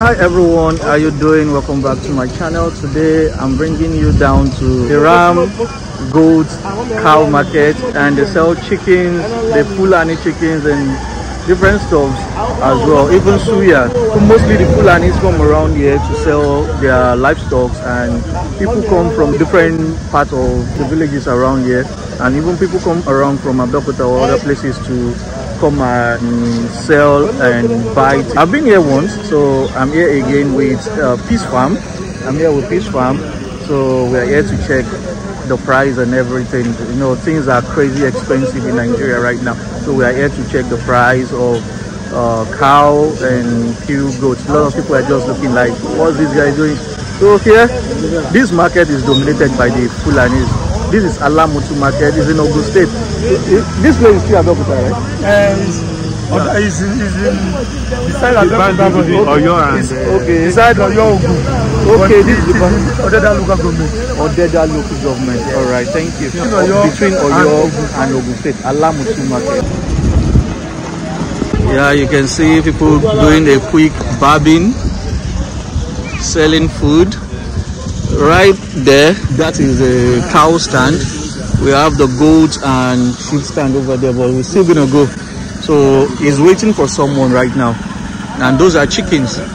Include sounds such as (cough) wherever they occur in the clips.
hi everyone how you doing welcome back to my channel today i'm bringing you down to the ram cow market and they sell chickens they pull any chickens and different stuffs as well even suya mostly the fulanis come around here to sell their livestock and people come from different parts of the villages around here and even people come around from abdokota or other places to come and sell and buy i've been here once so i'm here again with uh, peace farm i'm here with peace farm so we are here to check the price and everything you know things are crazy expensive in nigeria right now so we are here to check the price of uh, cow and few goats a lot of people are just looking like what's this guy doing so here this market is dominated by the fulanis This is Alamutu Market. It's in Ogun State. this place is still Abeokuta, right? Um, is in is in beside Abeokuta government. Oyo and uh, okay. Okay, this is Odeda local government. Odeda local government. All right, thank you. Between Oyo, Between Oyo and, Ogun. and Ogun State, Alamutu Market. Yeah, you can see people doing a quick barbing, selling food. right there that is a cow stand we have the goats and sheep stand over there but we're still gonna go so he's waiting for someone right now and those are chickens those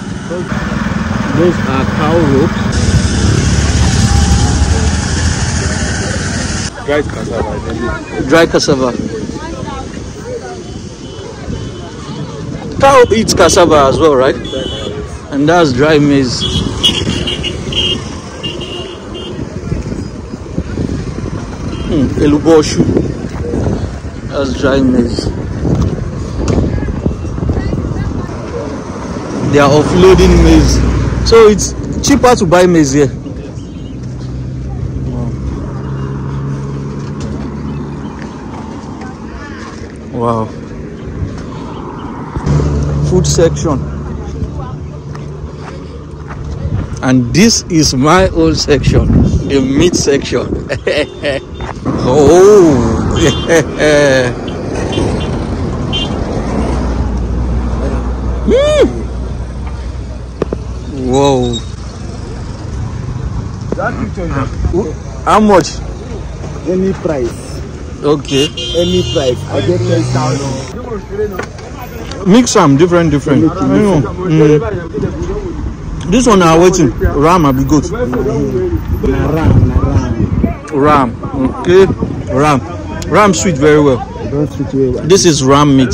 are cow ropes dried cassava dried cassava cow eats cassava as well right and that's dry maize Hmm, Eluboshu. That's dry They are offloading maize. So it's cheaper to buy maize here. Wow. Food section. And this is my old section, the meat section. (laughs) Oh, yeah. (laughs) Whoa. That picture How much? Any price. Okay. Any price. I get 10,000. Mix some different, different. You know. Mm. This one are waiting. Ram, I be good. Ram ram okay ram ram sweet very well this is ram meat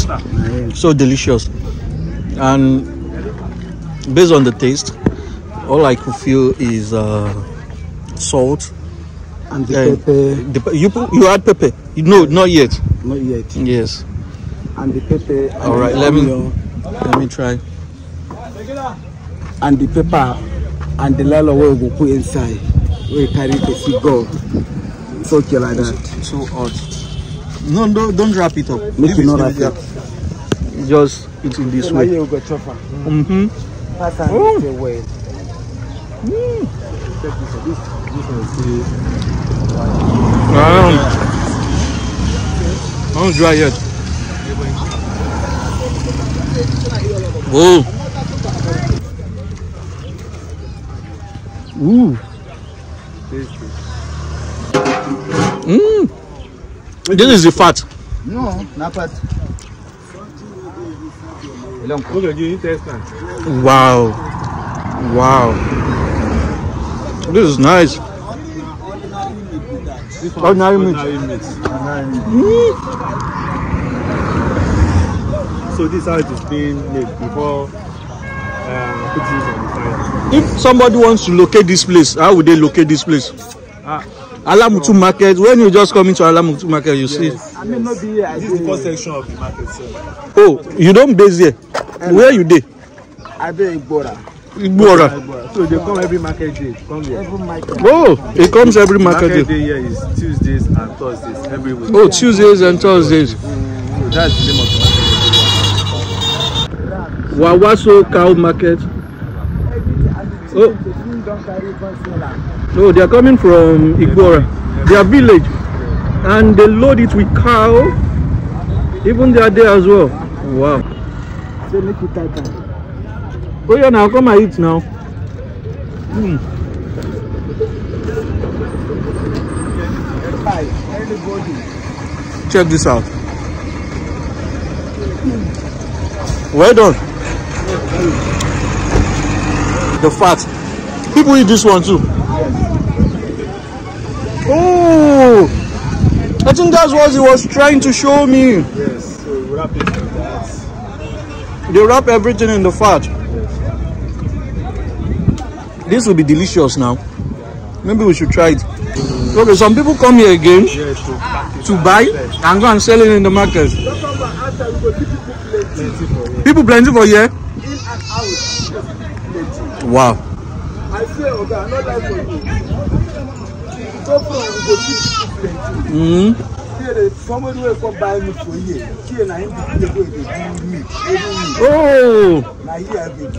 so delicious and based on the taste all i could feel is uh, salt and the uh, pepper the, you you add pepper no not yet not yet yes and the pepper and all right let onion. me let me try and the pepper and the lalo we will put inside we carry person go it's okay like that too hot no no don't wrap it up make it not wrap it just eat in this way mm-hmm. oh. mm -hmm. oh. mm. Um, I don't dry yet. Oh. Ooh. Mm. This is the fat. No, not fat. Wow. Wow. This is nice. ordinary meat. Mm. So this is how being made before put it on the fire. If somebody wants to locate this place, how would they locate this place? Ah. Alamutu market when you just come into Alamutu market you yes. see. I mean not be here. this is the first section of the market sir. Oh you don't base here? Um, Where you dey? I dey Igbora. Igbora. Igbora. So they come every market day. Come here. Every market. Oh it comes every market, market day. Market day here is Tuesdays and Thursdays every week. Oh Tuesdays and Thursdays. Mm, that's the name of the market. Wawaso cow market. Oh. No, they are coming from Igbora, their village, and they load it with cow. Even they are there as well. Wow. Say make Oh yeah, now come and eat now. Mm. Check this out. Hmm. Well done. The fat. People eat this one too. Oh, I think that's what he was trying to show me. Yes, so wrap it in that. They wrap everything in the fat. Yes. This will be delicious now. Maybe we should try it. Okay, some people come here again yes, to, to buy and go and sell it in the market. People plenty for here. wow. I say, Oga, another for you. Go from Ugochi to Plenty. Here, somebody will come buy me for here. Here, na him dey go dey do meat. Oh. Na here I go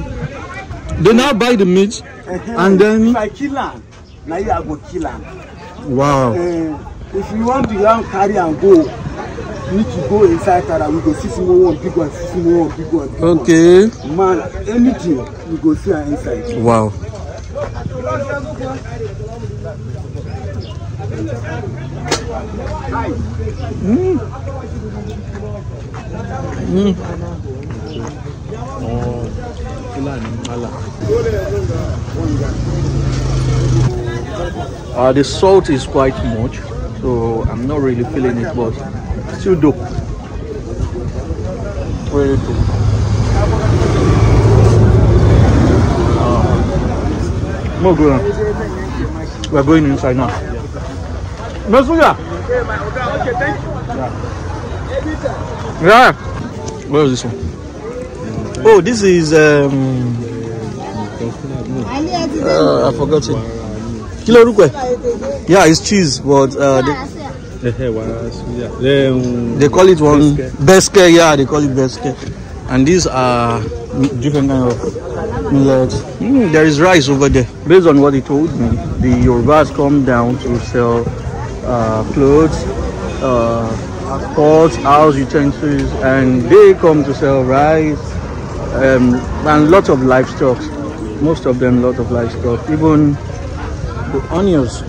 do. They now buy the meat, uh-huh. and then. If I kill am, na here I go kill am. Wow. Uh, if you want the ram, carry am go. need to go inside Tara, we go see someone one big one, see someone one big one. Big okay. One. Man, anything we go see inside. Wow. Mm. Mm. uh, the salt is quite much so I'm not really feeling it but still Where is it Uh, more going on. We're going inside now. Masuya. Yeah. yeah. Where is this one? Oh, this is um. Uh, I forgot it. Kilo Yeah, it's cheese, but uh, the, Um, they call it one beske yeah they call it beske and these are different kind of millets mm, there is rice over there based on what he told me the yorubas come down to sell uh, clothes uh, pots house utensils and they come to sell rice um, and lots of livestock most of them lot of livestock even the onions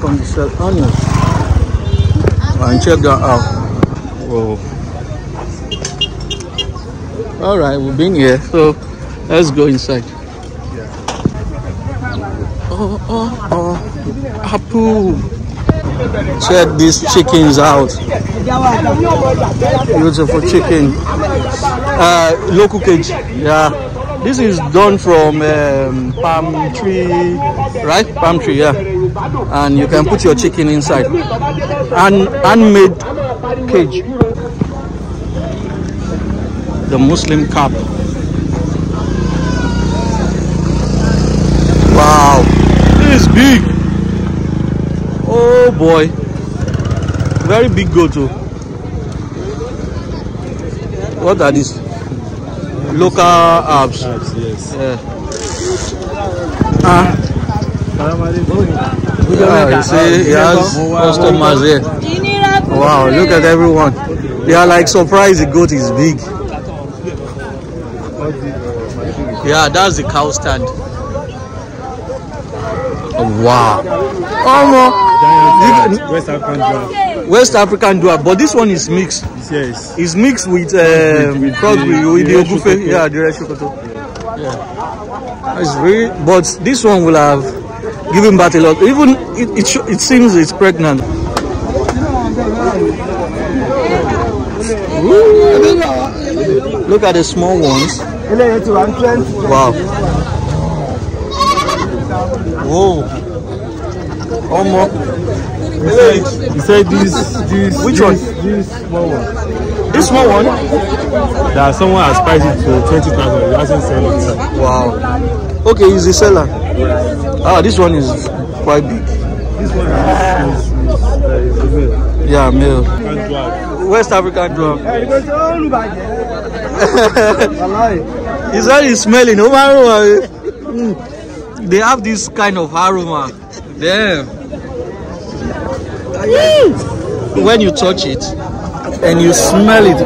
come to sell onions and check that out. Oh. Whoa. All right, we've been here, so let's go inside. Oh, oh, oh, Apu. Check these chickens out. Beautiful chicken. Uh, local cage, yeah. This is done from um, palm tree, right? Palm tree, yeah and you can put your chicken inside and handmade cage the muslim cap wow this big oh boy very big goat what are these local herbs yes yeah. Uh, Yeah, you see, he has customers here. Wow, look at everyone. They are like surprised the goat is big. Yeah, that's the cow stand. wow. Oh, no. West African dwarf. West African dwarf, but this one is mixed. Yes. It's mixed with, um, with, the, Ogufe. Yeah, the Reshokoto. Yeah. It's really, but this one will have giving birth a lot. Even it, it, it seems it's pregnant. Look at the small ones. Wow. Whoa. Omo. He said, he said this, this. Which this, one? This small one. This small one? That someone has priced it for 20,000. He hasn't sold it. Wow. Okay, he's the seller. Yes. Ah, this one is quite big. This one is, is, is, uh, male. Yeah, male. West African drum. it's very smelly. No matter They have this kind of aroma. Damn. When you touch it and you smell it.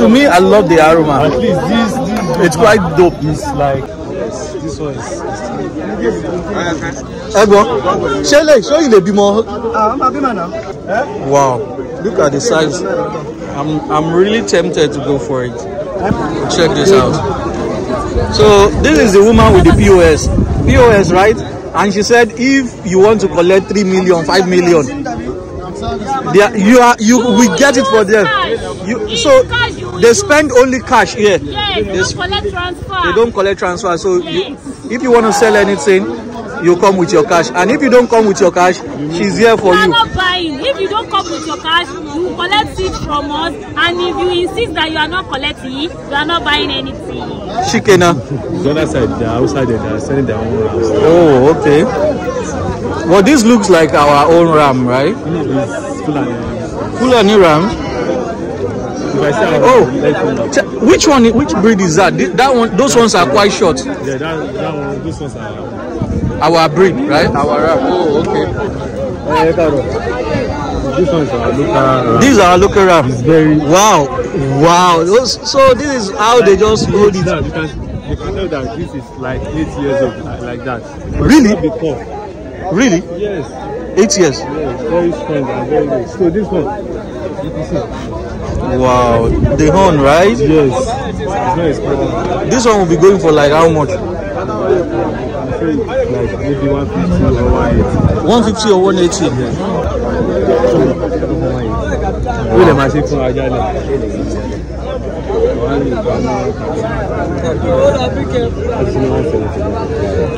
to me, I love the aroma. At least this, this it's quite dope. It's like ẹ̀gbọ́n ṣé lè ṣó yìí lè bímọ. àwọn ah, máa bímọ náà. wow look at the size i'm i'm really tempted to go for it check this out so this is the woman with the pos pos right and she said if you want to collect three million five million there you are you we get it for them you so they spend only cash here. Yeah, they, don't collect transfer. They don't collect transfer. So yes. you, if you want to sell anything, you come with your cash. And if you don't come with your cash, she's here for you. Are you are not buying. If you don't come with your cash, you collect it from us. And if you insist that you are not collecting it, you are not buying anything. Shikena. The other side, they outside, they are selling their own rams. Oh, okay. Well, this looks like our own ram, right? Fulani ram. Fulani ram. Oh, which one? Which breed is that? That one. Those ones are quite short. Yeah, that, that one. Those ones are our breed, right? Our. Oh, okay. This one is our local rap. These are local rap. It's very wow, wow. So this is how they just hold it. That, you can, you can tell that this is like eight years old, like, like that. But really? Before. Really? Yes. Eight years. Yes, very strong and very good. So this one, you can see. Wow, the horn, right? Yes. This one will be going for like how much? Like maybe 150 or 180. or 180? Yes. Wọ́n lè máa ṣe fún ajá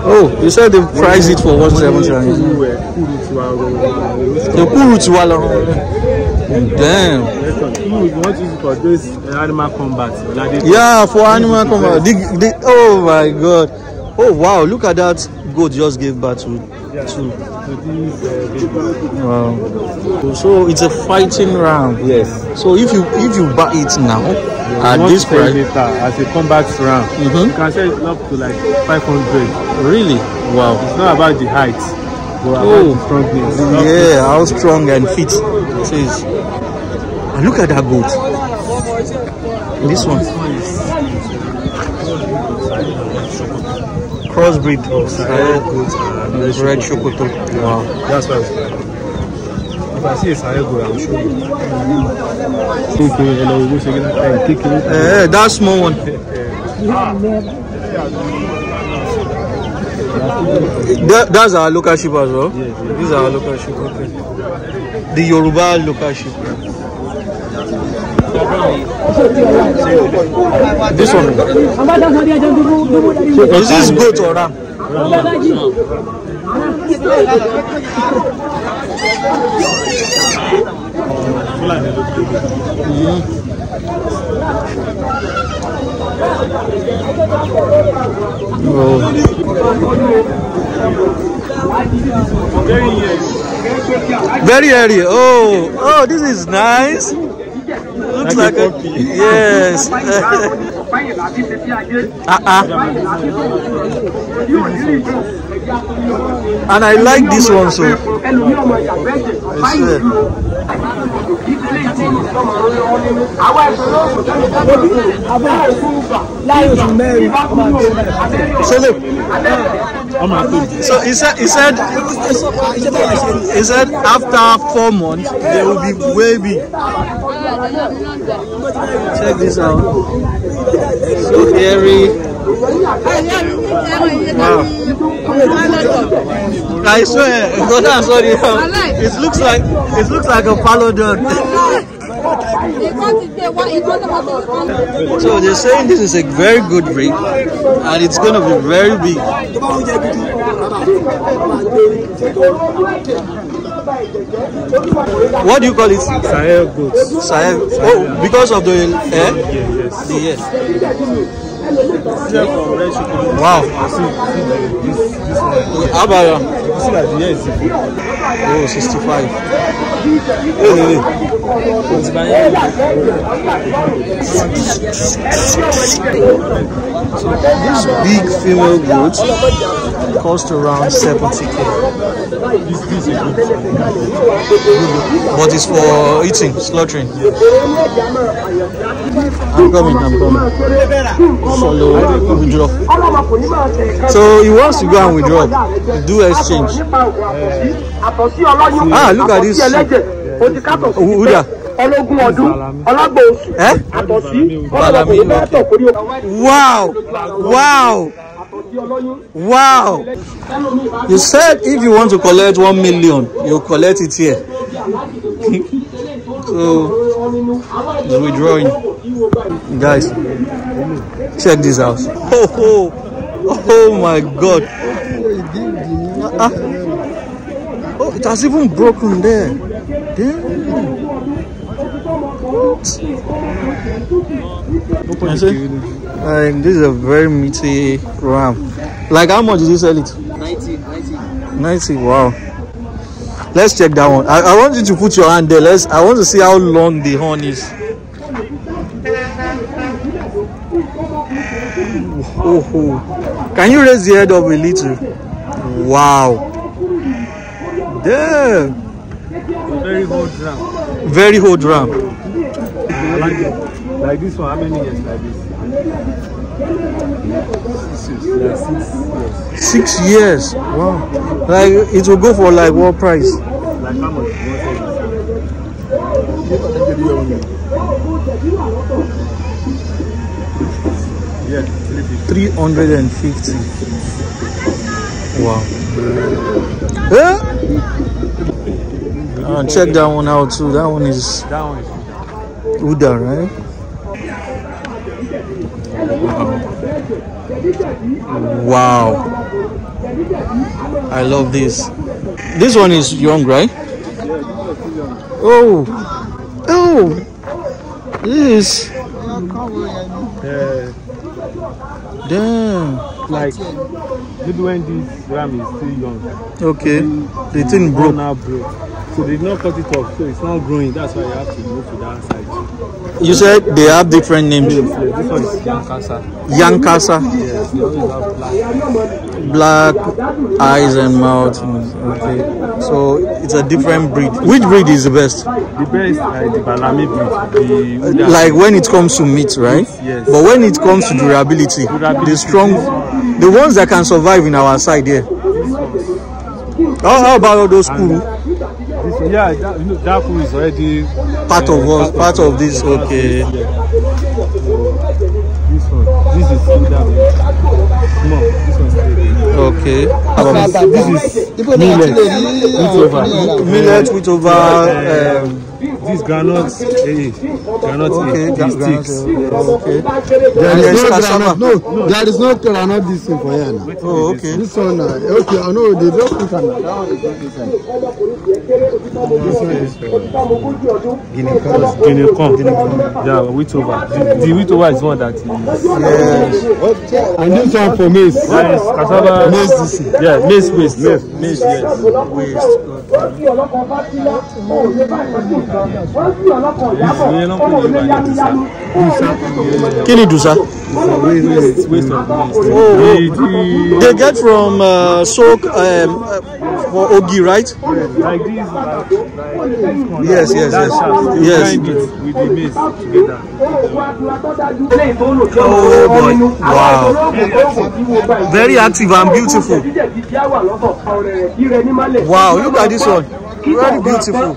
Oh, you said they price it for 170. The kúrú tiwa Damn. You want to for those animal combat. yeah, for animal combat. The, the, oh my god. Oh wow, look at that goat just gave birth to two. Wow. So it's a fighting round. Yes. So if you if you buy it now yeah, at this price later as a combat round, mm -hmm. you mm-hmm. can sell it up to like 500. Really? Wow. It's not about the height, oh. strongness. Yeah, how strong and fit says and look at that goat this one crossbreed of red chocolate. wow that's why I see a i eh, eh, that small one (laughs) That, that's our local sheep as well. Yes, yes. These are our local sheep. Okay. The Yoruba local sheep. This one. So is this goat or ram? Mm. Very early. Oh, oh, this is nice. Looks like, like a, a yes. (laughs) uh-uh. And I like this one so. Yes, àwa ìṣòro oṣù So he said, he said, he said after four months they will be way big. Check this out. So hairy. Wow. I swear, (laughs) God, I'm sorry. It looks like it looks like a palodon. (laughs) So they're saying this is a very good rig and it's going to be very big. What do you call it? Sahel goods. Sahel. Oh, because of the air. Eh? Yes. Yes. Wow. I see this, one. How about you? You see that here is Oh, 65. Hey, hey, hey this big female goat cost around 70k. But it's for eating, slaughtering. I'm coming, I'm coming. So he wants to go and withdraw, do exchange. Ah, look at this. Who, who that? ológun ọdún ọlágbò oṣù àtọ̀sí kọ́lọ́dọ̀ kò ní bá kórí o. wow wow wow you said if you want to collect one million you collect it here (laughs) so he's withdrawing guys check this out (laughs) oh, oh, oh, my god uh -uh. oh it has even broken there there. it? Um, this is a very meaty ram. Like how much did you sell it? 90, 90. 90, wow. Let's check that one. I, I want you to put your hand there. Let's I want to see how long the horn is. Oh, oh. Can you raise the head up a little? Wow. Damn. Very old ram. Very old ram landed. Like this one, how many years like this? Six years. six years. Six years. Wow. Like it will go for like what price? Like how much? Yeah, 350. 350. Wow. Yeah. Eh? Uh, check that one out too. That one is. That one is Udon, right? Eh? Wow. I love this. This one is young, right? Oh. Oh. This Damn like even when this ram is still young. Okay. The thing broke. Now broke so they did not cut it off, so it's not growing. That's why you have to move to that side. You said they have different names. Yes, yes. This one is Yankasa. Yankasa. Yes, they always black. black. eyes and mouth. Okay, so it's a different breed. Which breed is the best? The best, uh, the Balami breed. The, like when it comes to meat, right? Yes. But when it comes to durability, durability the strong, the ones that can survive in our side here. Yeah. how about all those cool? Yeah, that, you know, that food is already part uh, of what part, part of, this. Okay. This one, this is either This is big. Okay. Um, this, is millet. Millet with over, millet with over. Um, this groundnut, hey, eh, eh, groundnut okay, is these sticks. Eh, okay. There is no groundnut. No, no, there is no groundnut this thing for here now. Oh, okay. This one, uh, okay, I know they don't put am. That one is not This one is guinea corn. Guinea corn. Guinea corn. Yeah, wheat over. The, the wheat over is one that is. Yeah. Okay. And this one for maize. Yes, cassava. Maize this. Yeah, maize waste. Maize, maize yes. Waste. Okay kí ni dusa. oh they get from uh, sok um, uh, for ogi right. like like yes yes yes yes. oh boy wow very active and beautiful wow look at this one very beautiful.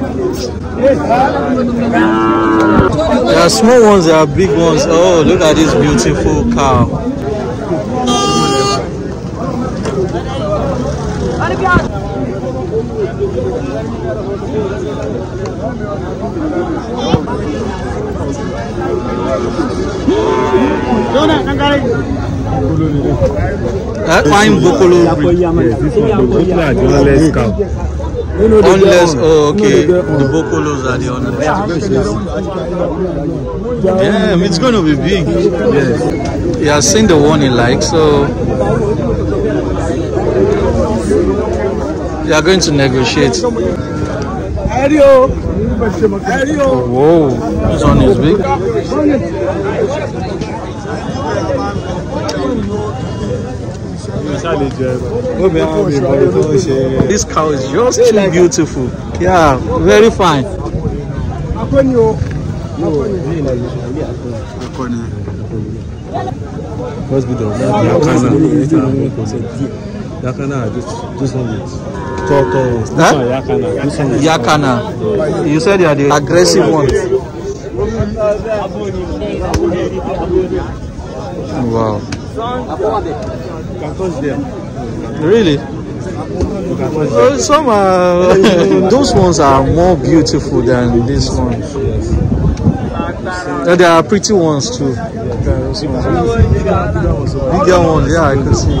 There are small ones, there are big ones. Oh, look at this beautiful cow. That fine bokolo. Yes, this one, the bokolo are cow. No, no, Unless, oh, okay, no, the Bokolos are the only. Yeah, it's going to be big. Yes. He has seen the one he likes, so they are going to negotiate. Whoa, this one is big. This cow is just too beautiful. Yeah, very fine. What's Yakana. Yakana, just, just one minute. tall, tall ones. Huh? Yakana. This one Yakana. You said you are the aggressive one. Wow. Really? Well, oh, some are, (laughs) those ones are more beautiful than this one. And there are pretty ones too. Those ones. Bigger ones, yeah, I can see.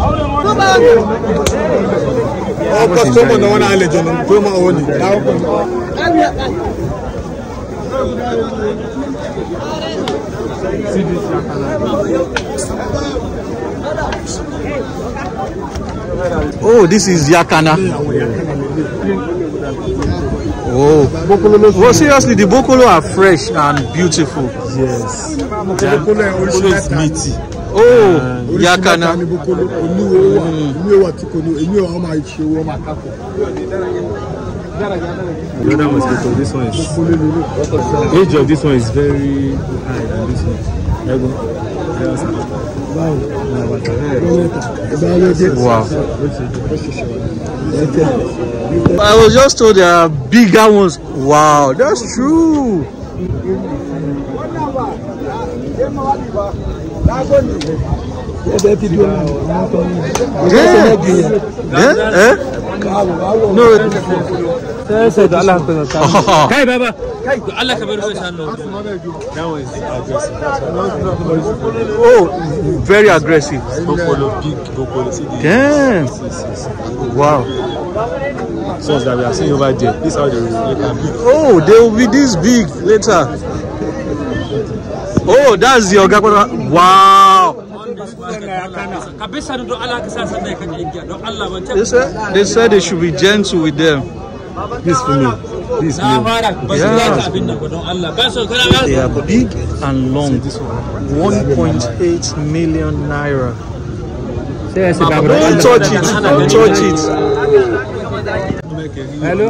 See this Oh, this is Yakana. Oh. Well, seriously, the Bokolo are fresh and beautiful. Yes. Bokolo is meaty. Oh, uh, Yakana. Mm. Another this one is. Age of this one is very high this one. Wow. I was just told there are bigger ones. Wow, that's true. Yeah. Yeah. Eh? No. Oh, very aggressive. Bokolo, big Bokolo. Damn. Wow. Sons that we are seeing over there. This how they will Oh, they will be this big later. Oh, that's your Wow. They said, they said they should be gentle with them. This for me. This for Yeah. They are big and long. 1.8 million naira. Don't touch it. Don't touch it. Hello.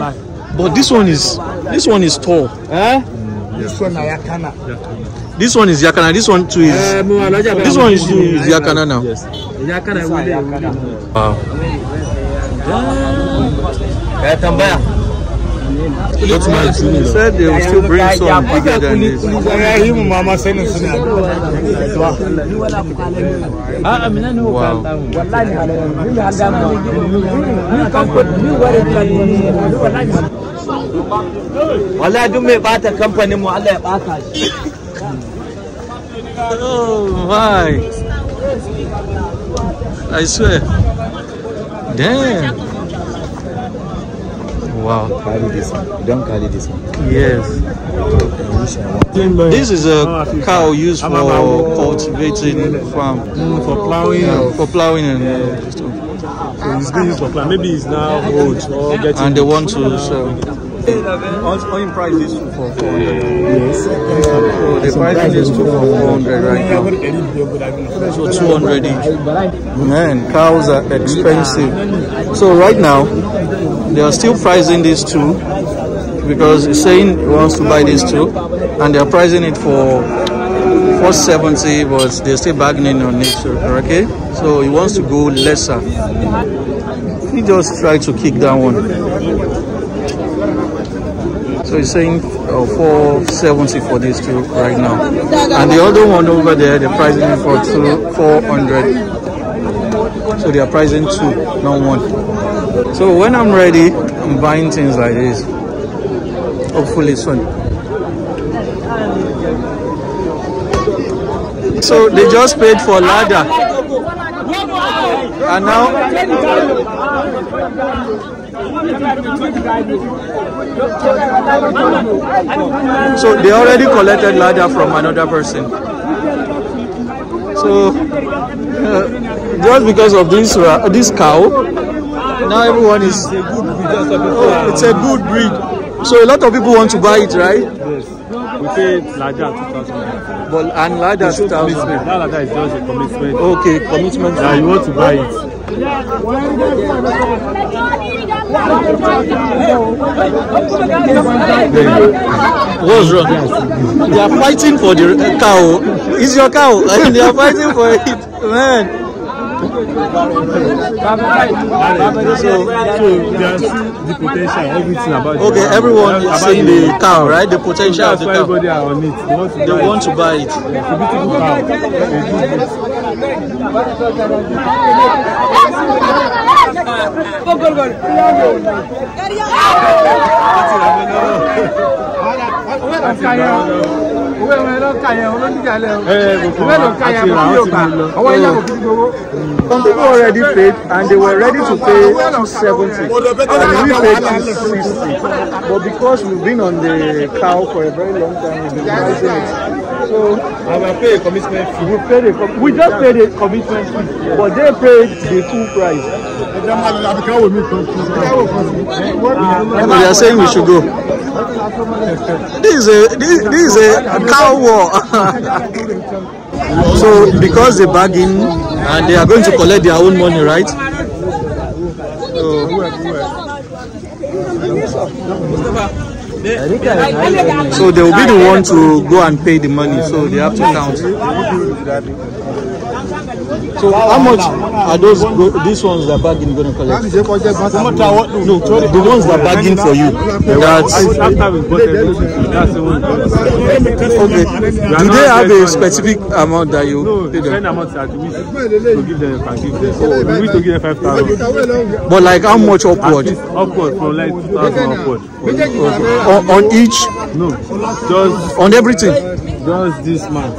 But this one is this one is tall. Eh? This one is Yakana. This one is Yakana. This one too is. Eh, this one is, is Yakana now. Yes. Yakana. Wow. Yeah. Oh my. I swear. Damn. Wow. Carry this one. don't carry this one. Yes. This is a ah, cow used for cultivating mm, farm. Mm, for plowing. Yeah, for plowing and uh, stuff. so it's good for plowing. Maybe it's now old or getting. And they want to sell. All, price uh, uh, is 2 400. Yes. So the price is 2 400 right now. So 200 each. Man, cows are expensive. So right now, they are still pricing these two because he's saying he wants to buy these two and they're pricing it for 470 but they're still bargaining on it okay so he wants to go lesser he just tried to kick that one so he's saying uh, 470 for these two right now. And the other one over there, they're pricing it for two, 400. So they are pricing two, not one. So when I'm ready, I'm buying things like this. Hopefully soon. So they just paid for ladder. And now... So they already collected ladder from another person. So uh, just because of this uh, this cow, now everyone is oh, it's a good breed. So a lot of people want to buy it, right? Yes. We paid ladder two thousand. But and ladder two thousand. That ladder is just a commitment. Okay, commitment. Yeah, you want to buy it. What's wrong? They are fighting for the cow. It's your cow. And they are fighting for it. Man. So, so the potential, everything about it. Okay, everyone is about seeing the cow, right? The potential of the cow. Everybody are on it. They want to, buy, it. to Some people already paid and they were ready to pay two seventy and we paid two sixty but because we've been on the cow for a very long time we been rising it. So I will pay a commitment fee. We paid a com we just paid a commitment fee, yeah. but they paid the full price. And they are saying we should go. This is a this, this is a cow war. (laughs) so because they bargain and uh, they are going to collect their own money, right? So they will be the one to go and pay the money, so they have to count. So how, much are those go, these ones that bargain going to collect? No, the ones that bargain for you. That's okay. Do they have a specific amount that you no, pay them? No, amount that we to give them can give them. five thousand. But like how much upward? Upward from like two thousand upward. Okay. On, on each? No, just on everything. Just this man.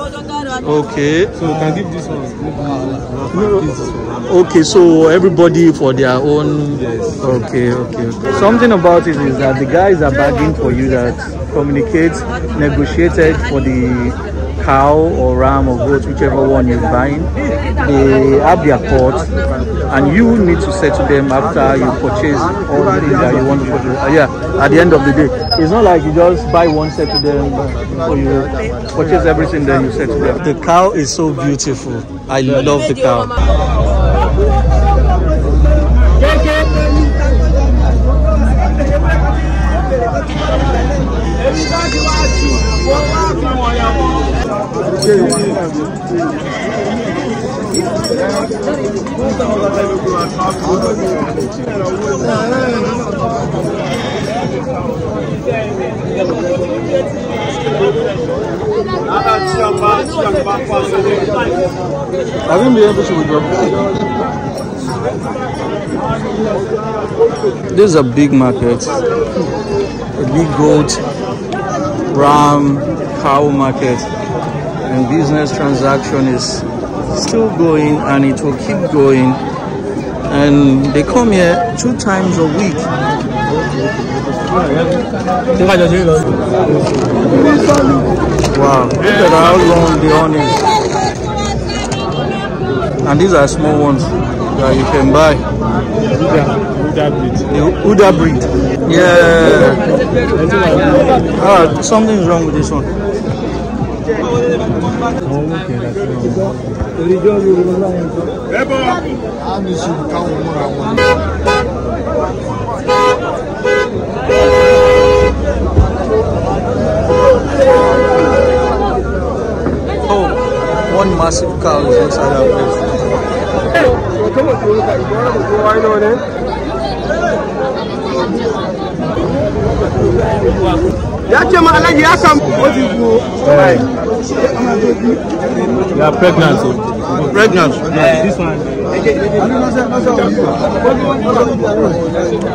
Okay. So can give this one. Uh, okay, so everybody for their own. Yes. Okay, okay, okay. Something about it is that the guys are begging for you that communicate, negotiated for the cow or ram or goat, whichever one you're buying. The Abia port, and you need to settle them after you purchase all the things that you want to purchase. Uh, yeah, at the end of the day. It's not like you just buy one, set to them before you purchase everything, then you settle them. The cow is so beautiful. I love the cow. I think not be to this is a big market. A big goat, ram, cow market and business transaction is still going and it will keep going and they come here two times a week wow look at how long the horn is and these are small ones that you can buy Uda breed. The Uda breed. Yeah. Ah, something's wrong with this one. Okay, that's oh, one massive cow is inside our place. Come on, you look at it. You want to go right on in? ya ce ma alhaji ya samu wajen ko ya pregnant so pregnant yeah. this one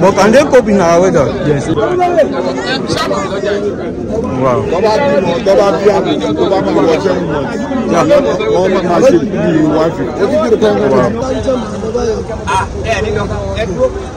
but can they cope in our weather yes wow tọ́ba bímọ ah, eh,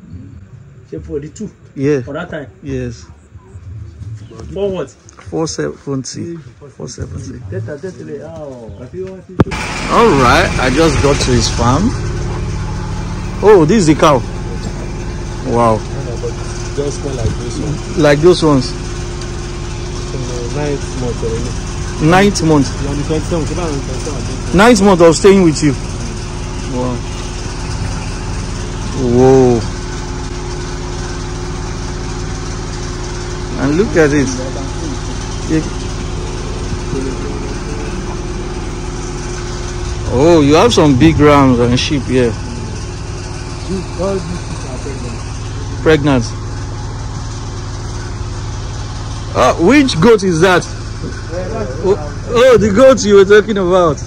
42 yeah for that time yes for what 470 470 all right i just got to his farm oh this is the cow wow just like those ones like those ones ninth month already ninth month ninth month of staying with you wow whoa look at this. If, oh, you have some big rams and sheep here. Pregnant. Uh, which goat is that? Oh, oh, the goat you were talking about.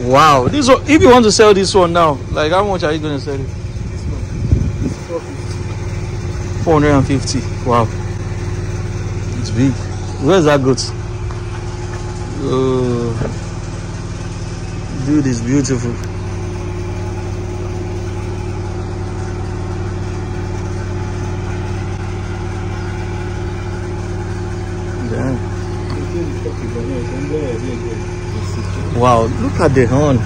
Wow. This one, if you want to sell this one now, like how much are you going to sell it? 450. Wow. big. Where's that goat? Oh, dude is beautiful. Damn. Wow, look at the horn.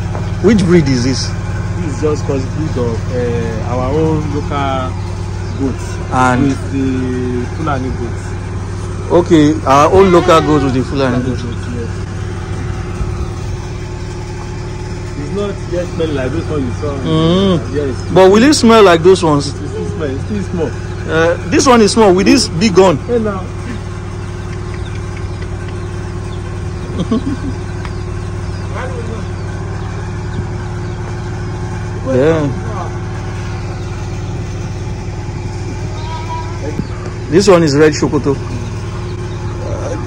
Which breed is this? This is just cause breed of uh, our own local goats. And with the Fulani goats. Okay, our own local goes with the full and good. It's not yet smelling like this one you saw. Mm. Yes. Yeah, but will it smell like those ones? It still smell. It's still small. Uh, this one is small. Will this be gone? Hey now. (laughs) yeah. This one is red shokoto.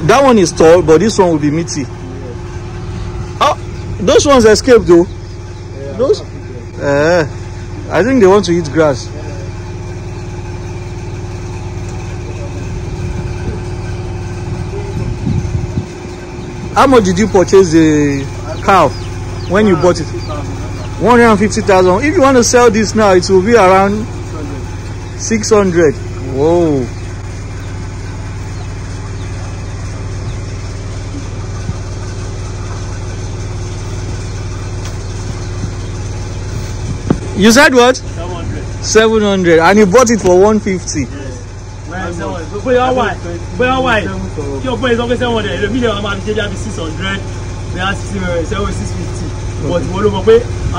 That one is tall, but this one will be meaty. Oh, those ones escaped though. those? Uh, I think they want to eat grass. How much did you purchase the cow when you bought it? 150,000. If you want to sell this now, it will be around 600. Whoa. You said what? 700. 700. And you bought it for 150. Yes. Bóyá wà bóyá wà kí ọ̀pọ̀ ìsọ́ pé seven hundred èmi lè wà máa fi ṣe jáde six hundred ní a six seven six fifty but wọ́n ló mọ̀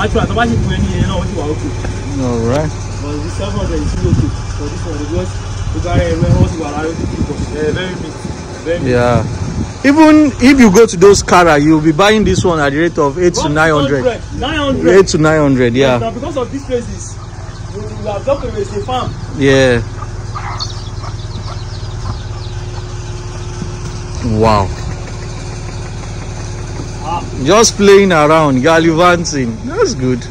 actually àtọ́ bá ṣì fún ẹni yẹn náà ó ti wà okay. Alright. But the seven hundred is still okay for this one because gbogbo ara ẹ̀rọ ẹ̀ wọ́n ti wà lára ó very big. Yeah. even if you go to those Kara, you'll be buying this one at the rate of eight to nine to nine hundred. Yeah. Now because of these places, we have got a farm. Yeah. Wow. Ah. Just playing around, gallivanting. That's good.